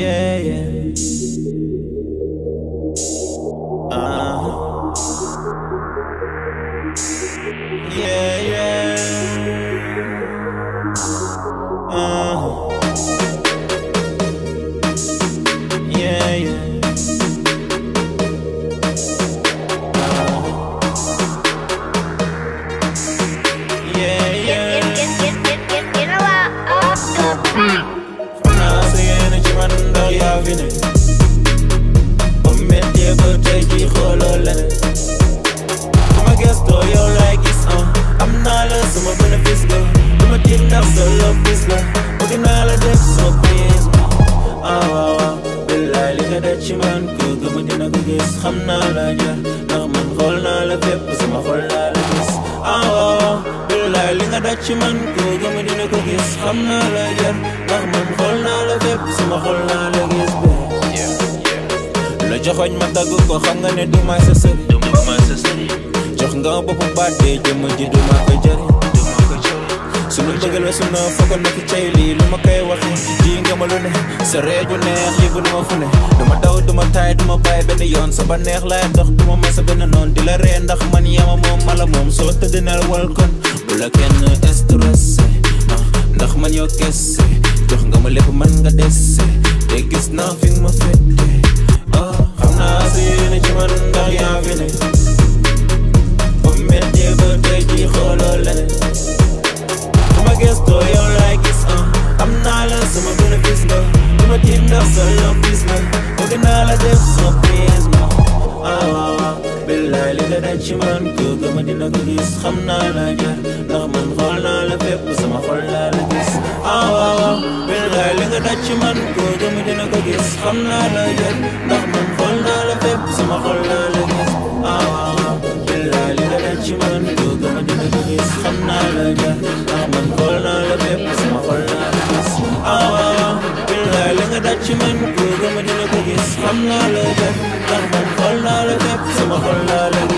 yeah, yeah. Uh. man ndax yaa fi ne ba méttee ba tey jii xooloo leneen bu ma gëstoo yow laay gis ah am naa la sama bénéfice la du ma tiit ndax sa love bis la uti naa la def sama piis ma ah waaw waaw billaay li nga daj ci man ko gëm dina ko gis xam naa la jar ndax man xool naa la fépp sama xool naa la gis ah waaw waaw billaay li nga daj ci man ko gëm dina ko gis xam naa la jar ndax man la joxoñ ma dagg ko xam nga ne sa sëri jox nga bopp baat dee jëmm ji duma ko jëri sunu bëggal wesu na fokkoon na ki cay lii lu ma koy waxi di nga ma lu ne sa ree ju neex yi bu duma fu ne duma daw duma taay duma bàyyi benn yoon sa ba neex laay dox duma ma sa benn noon di la ree ndax man yama moom mala moom soo tëdd nel wal kon bu la kenn stressé ah, man yow kes dese te gis naa fi ma fete ah xam naa si yéen ci man ndax yaa fi ne ba méttee ba tey ji xooloo leneen su ma gëstoo yow laay gis ah am naa la sama bénéfice la du ma tiit ndax sa lopis la bëgg naa la def surprise ma ah billaay li nga daj ci man ko gëma dina ko gis xam naa la jaar ndax man xool naa la fépp xam naa la jot ndax man xool naa la fépp sama xol naa la gis ah billaay ah, ah, li nga def ci man doo gën a dina ko gis xam naa la jot ndax man xool naa la fépp sama xol naa la gis ah billaay ah, li nga def ci man doo gën a dina ko gis xam naa la jot ndax man xool naa la fépp sama xol naa la gis